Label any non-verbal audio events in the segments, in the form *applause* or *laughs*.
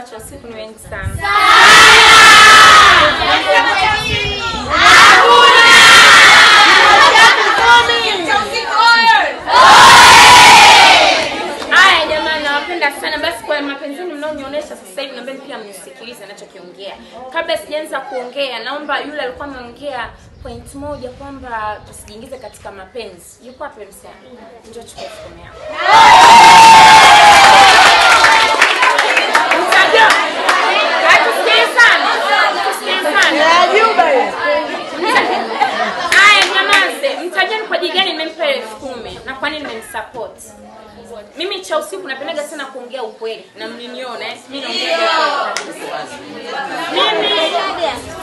macho ya siku ni wengi sana. Haya jamani, nawapenda sana. Basi kwa mapenzini mnaonionyesha sasa hivi, naombeni pia mnisikilize anachokiongea. Kabla sijaanza kuongea, naomba yule alikuwa ameongea point moja kwamba tusijiingize katika mapenzi. Yuko hapo msana, njoo chukua yako. support. Mimi cha usiku napendaga sana kuongea ukweli na mliniona eh. Mimi Mimi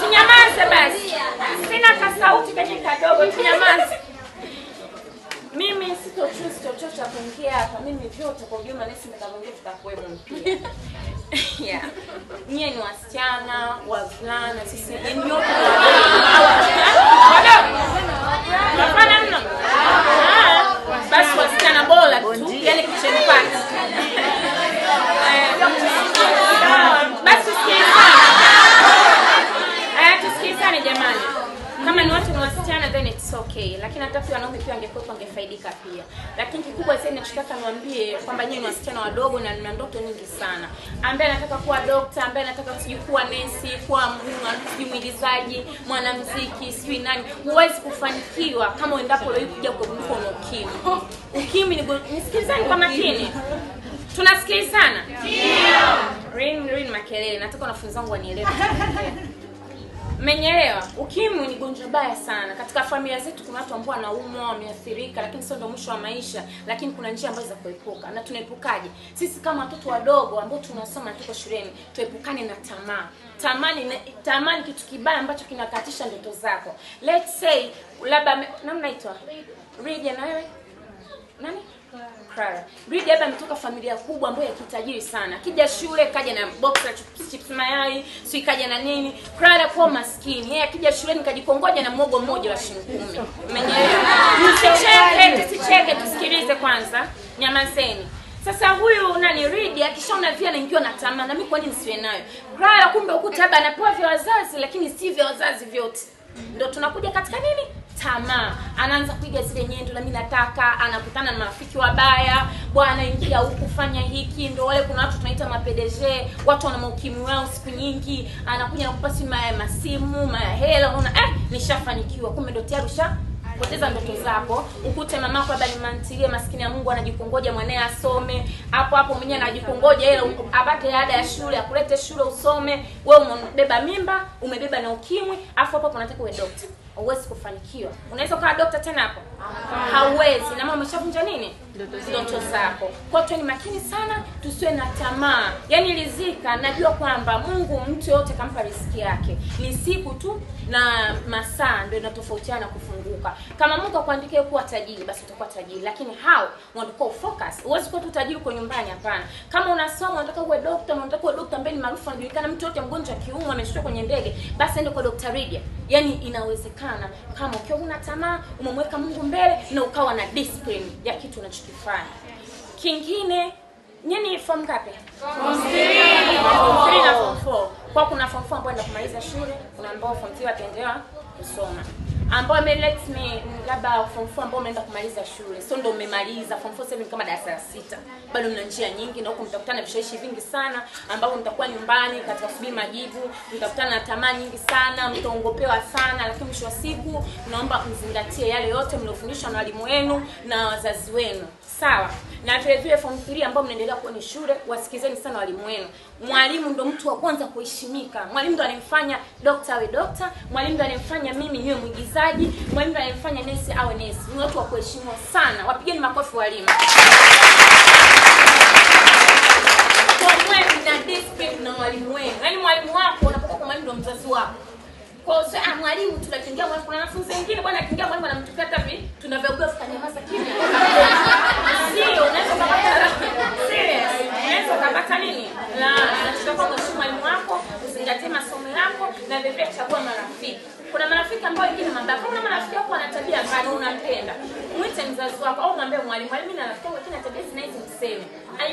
sinyamaze basi. Sina kasauti kenye kadogo sinyamaze. Mimi sitochusi chochote cha kuongea hapa. Mimi vyote kwa ujumla nisi nitaongea tutakuwemo pia. yeah. Nyie ni wasichana, wavulana, sisi ni nyote mno. Lola tu, yale kitchen party. lakini hata pia wanaume pia wangekuwa wangefaidika pia. Lakini kikubwa zaidi nachotaka niwaambie kwamba nyinyi ni wasichana wadogo na nina ndoto nyingi sana. Ambaye anataka kuwa dokta, ambaye anataka sijui kuwa nesi, kuwa mguna, sijui mwigizaji, mwanamuziki, sijui nani, huwezi kufanikiwa kama uendapo leo kuja kugundua na ukimwi. Ukimwi ni nisikilizani kwa makini. Tunasikilizana? Ndio. Rin rin makelele. Nataka wanafunzi wangu wanielewe. *laughs* menyelewa Ukimwi ni gonjwa baya sana. Katika familia zetu kuna watu ambao wanaumwa, wameathirika, lakini sio ndio mwisho wa maisha, lakini kuna njia ambazo za kuepuka. Na tunaepukaje? Sisi kama watoto wadogo ambao tunasoma na tuko shuleni, tuepukane na tamaa. Tamani tamani kitu kibaya ambacho kinakatisha ndoto zako. Let's say labda namna inaitwa? Rija na wewe? Nani? Mkrara. Bridi hapa ametoka familia kubwa ambayo ya kitajiri sana. Kija shule kaja na box ya chips, mayai, si kaja na nini. Krara kwa maskini. Yeye akija shule nikajikongoja na mwogo mmoja wa shilingi 10. Umeelewa? Msicheke, tusicheke, tusikilize kwanza. Nyamazeni. Sasa huyu nani Ridi akishaona vile anaingiwa na tamaa, na mimi kwani nisiwe nayo? Krara kumbe ukuta baba anapewa vya wazazi, lakini si vya wazazi vyote. Ndio tunakuja katika nini? tamaa, anaanza kupiga zile nyendo, na mimi nataka, anakutana na marafiki wabaya, bwana ingia huku, fanya hiki. Ndio wale kuna watu tunaita mapedeje, watu wana maukimwi wao siku nyingi, anakuja nakupa sima ya masimu maya hela, unaona eh, nishafanikiwa, kumbe ndio tayari usha poteza ndoto zako, ukute mamako labda ni mantilie maskini ya Mungu anajikongoja mwanae asome, hapo hapo mwenyewe anajikongoja ile apate ada ya shule, akulete shule usome, wewe umebeba mimba, umebeba na ukimwi, afu hapo hapo unataka uwe daktari huwezi kufanikiwa. Unaweza ukawa dokta tena hapo? Hauwezi. Na mama umeshavunja nini? ndoto zako. Kwa tuwe ni makini sana, tusiwe na tamaa. Yaani lizika najua kwamba Mungu mtu yote kampa riziki yake, ni siku tu na masaa ndio inatofautiana kufunguka. Kama Mungu akuandikie kuwa tajiri, basi utakuwa tajiri, lakini hao wanatakuwa focus. uwezi kuwa tu tajiri kwa nyumbani, hapana. Kama unasoma unataka uwe dokta, unataka uwe dokta ambaye ni maarufu, anajulikana, mtu yote mgonjwa kiumu ameshuka kwenye ndege, basi ende kwa Dr. Ridia. Yaani inawezekana kama ukiwa una tamaa, umemweka Mungu mbele na ukawa na discipline ya kitu unacho tunachokifanya. Kingine nyinyi form ngapi? Form 3 na form 4. Kwa kuna form 4 ambao ndio kumaliza shule, kuna ambao form 3 wataendelea kusoma ambao ame labda form 4 ambao umeenda kumaliza shule, so ndio umemaliza form 4 sasa kama darasa la sita, bado mna njia nyingi, na huko mtakutana na vishawishi vingi sana ambao mtakuwa nyumbani katika kusubiri majibu, mtakutana na tamaa nyingi sana, mtaongopewa sana, lakini mwisho wa siku naomba mzingatie yale yote mliofundishwa na walimu wenu na wazazi wenu, sawa? na vile form 3 ambao mnaendelea kuwa ni shule, wasikizeni sana walimu wenu. Mwalimu ndo mtu wa kwanza kuheshimika. Mwalimu ndo alimfanya daktari awe daktari, mwalimu ndo alimfanya mimi niwe mwigizaji, mwalimu ndo alimfanya nesi awe nesi. Ni watu wa kuheshimiwa sana, wapigeni makofi walimu. Kwa mwalimu na discipline na mwalimu wenu, yaani mwalimu wako unapokuwa kwa mwalimu ndo mzazi wako. Kwa mwalimu tunakiingia mwalimu, kuna wanafunzi wengine bwana akiingia mwalimu anamtupia tapi, tunavyogoa tukanyamaza kimya. Sio, unaweza kupata serious. Unaweza kupata nini? La, nataka kuheshimu mwalimu wako, uzingatie masomo yako na vile chagua marafiki. Kuna marafiki ambao wengine mabaya. Kuna marafiki wako wana tabia mbaya unapenda. Mwite mzazi wako au mwambie mwalimu, mwalimu na rafiki yangu kina tabia zinahizi mseme.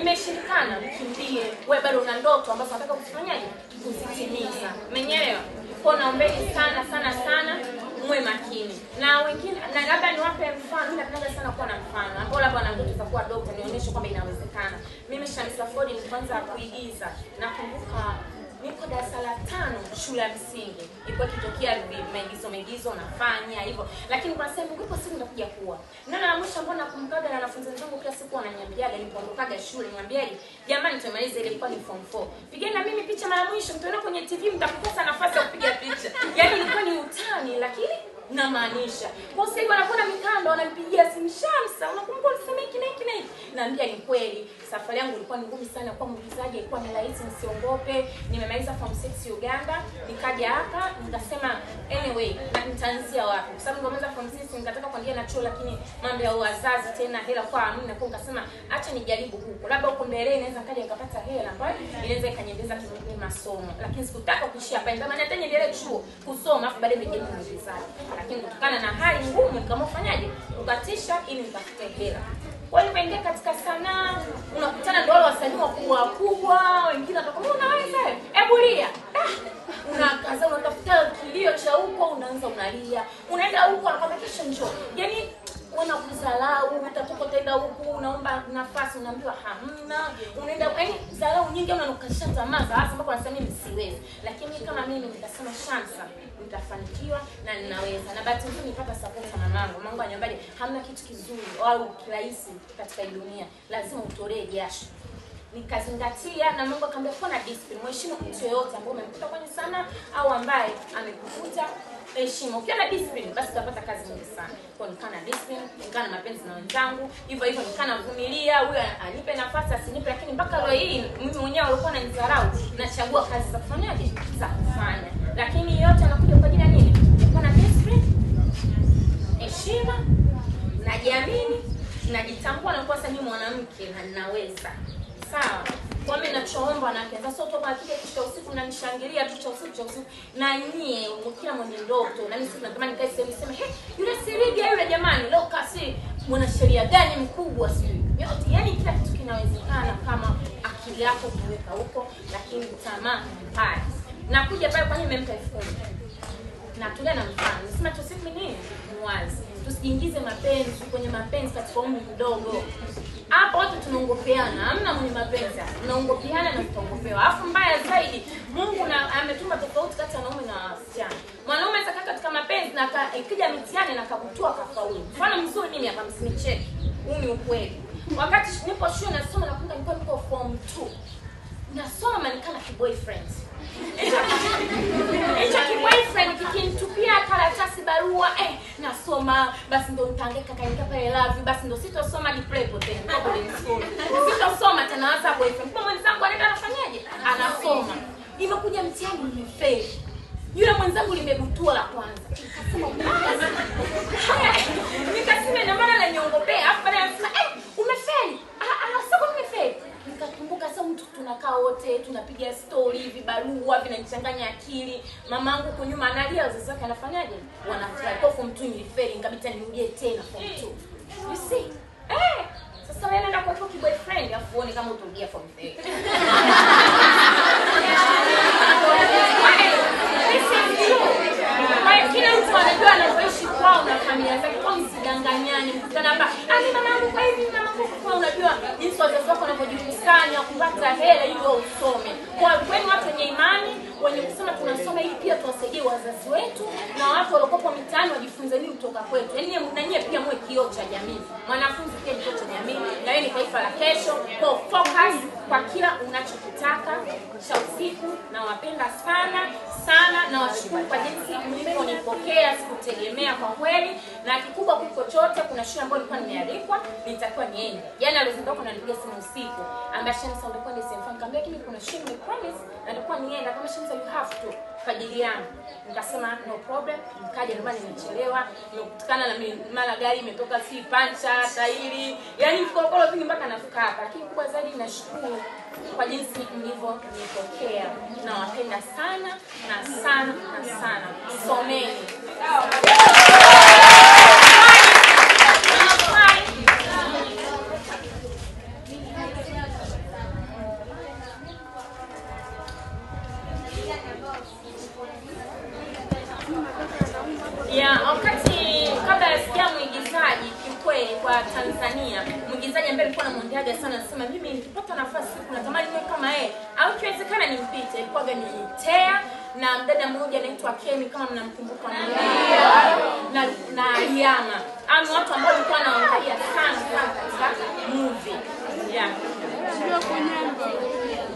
Imeshirikana mkimbie. Wewe bado una ndoto ambazo unataka kufanyaje? Kuzitimiza. Umeelewa? Kwa naombeni sana sana sana mwe makini. Na wengine na labda niwape mfano, mimi napenda sana kuwa na mfano. Hapo labda wanangu tutakuwa dogo nionyeshe kwamba inawezekana. Mimi Shamsa Ford nilianza kuigiza. Nakumbuka niko darasa la tano shule ya msingi, ilikuwa kitokea maigizo maigizo nafanya hivyo, lakini kwa sababu ndipo siku nitakuja kuwa nana la mwisho ambao nakumbukaga na wanafunzi wangu kila siku wananiambiaga, nilipoondokaga shule niambiaje, jamani, tumemaliza ile, ilikuwa ni form 4 pigeni na mimi picha mara mwisho, mtaona kwenye TV, mtakukosa nafasi ya kupiga namaanisha. Kwa sababu anakuwa na mikando anampigia simu Shamsa, unakumbuka ulisema hiki na hiki na hiki naambia ni kweli, safari yangu ilikuwa ni ngumu sana kwa mwigizaji, ilikuwa ni rahisi, nisiogope. Nimemaliza form 6 Uganda, nikaja hapa nikasema anyway, na nitaanzia wapi? Kwa sababu nimemaliza form 6 nikataka kuingia na chuo, lakini mambo ya wazazi tena hela kwa amna, kwa nikasema acha nijaribu huko, labda huko mbele inaweza kaja nikapata hela ambayo inaweza ikaniendeleza kimwili masomo, lakini sikutaka kuishia hapa, ndio maana hata niendelee chuo kusoma, afu baadaye nije mwigizaji, lakini kutokana na hali ngumu nikaamua kufanyaje, kukatisha ili nikafute hela walipoingia katika sanaa unakutana ndio wale wasanii wakubwa wakubwa, wengine watakwambia unaweza, hebu lia. Unakaza, unatafuta kilio cha huko, unaanza unalia, unaenda huko, anakwambia kesho njoo. Yaani mbona kuzalau, unataka utaenda huku, unaomba nafasi, unaambiwa hamna, unaenda yaani zalau nyingi, unanukatisha tamaa za hasa mpaka unasema mimi siwezi. Lakini kama mimi nikasema shansa nitafanikiwa na ninaweza, na bahati nzuri nipata support na mamangu. Mamangu ananiambia hamna kitu kizuri au kirahisi katika dunia, lazima utolee jasho nikazingatia na Mungu akaambia kuwa na discipline, mheshimu mtu yeyote ambaye umemkuta kwenye sana au ambaye amekukuta heshima. Ukiwa na discipline, basi utapata kazi nyingi sana. Kwa nikaa na discipline, nikaa na mapenzi na wenzangu, hivyo hivyo nikaa vumilia huyo anipe nafasi asinipe, lakini mpaka leo hii mimi mwenyewe na nanidharau, nachagua kazi za kufanyaje, za kufanya, lakini yote anakuja kwa ajili ya nini? Kuwa na discipline, heshima, najiamini, najitambua, nakuwa sasa mimi mwanamke na ninaweza sawa. Kwa mimi ninachoomba na kesa sio toka kile cha usiku na nishangilia tu cha usiku cha usiku, na nyie kila mwenye ndoto, na mimi natamani kae sehemu niseme, he yule Siriga yule, jamani, leo kasi mwana sheria gani mkubwa, sijui yote. Yani kila kitu kinawezekana kama akili yako kuweka huko, lakini tamaa haya. Nakuja pale, kwa nini nimempa elfu na Natulia na mfano, nasema tu siku ni wazi, tusijiingize mapenzi kwenye mapenzi katika umri mdogo hapa watu tunaongopeana, hamna mwenye mapenzi, tunaongopeana na tutaongopewa. Alafu mbaya zaidi, Mungu na ametuma tofauti kati ya wanaume na wasichana. Mwanaume atakaa katika mapenzi na ikija mitiani na akabutua kafaulu. Mfano mzuri mimi hapa, msinicheke, huu ni ukweli. Wakati nipo shule nasoma, nakumbuka nilikuwa niko form 2 nasoma na kiboyfriend hicho kiboyfriend kikintupia karatasi barua eh, nasoma basi ndo nipange kakaingia pale lavi basi ndo sitosoma hadi prepo tena sitosoma tena hasa boyfriend kwa mwenzangu anaenda anafanyaje anasoma nimekuja mtihani nimefeli yule mwenzangu limebutua la kwanza nikasema *laughs* nikasema ina maana laniongopea afu baadaye nasema tunakaa wote tunapiga stori vibarua vinanichanganya akili mamangu kunyuma analia wazazi wake anafanyaje wanafurahi kwa form 2 nilifeli nikabita nirudie tena form 2 you see eh sasa wewe nenda kwa toki boyfriend afu uone kama utarudia form 3 *laughs* kila mtu anajua anavyoishi kwao na familia zake kwa msidanganyani mkutana hapa ah, mama na kupata hela ili wao usome. Kwa kwenu watu wenye imani wenye kusema tunasoma ili pia tuwasaidie wazazi wetu na watu waliokopa kutoka kwetu. Yaani na nyie pia mwe kioo cha jamii. Mwanafunzi pia ni kioo cha jamii na yeye ni taifa la kesho. Kwa focus kwa kila unachokitaka cha usiku na wapenda sana sana na washukuru kwa jinsi mlivyonipokea, sikutegemea kwa kweli. Na kikubwa kuliko chote, kuna shule ambayo nilikuwa nimealikwa, nitakuwa niende. Jana yaani alizindoka na nipiga simu usiku, ambaye Shamsa ulikuwa ni sehemu fulani, nikamwambia kuna shule ni promise na nienda kama shemza you have to kwa ajili yangu nikasema no problem nikaja maana nimechelewa nimekutana na mara gari imetoka si pancha tairi yani vikokolo vingi mpaka nafika hapa lakini kubwa zaidi nashukuru kwa jinsi nipokea nawapenda sana na sana na sana someni mwigizaji ambaye alikuwa anamwongeaga sana, anasema mimi nikipata nafasi siku natamani niwe kama yeye, au kiwezekana nimpite. Alikuwaga ni Tea na mdada mmoja anaitwa Kemi, kama mnamkumbuka, na na Yama Au ni watu ambao walikuwa wanaangalia sana sana katika movie yeah.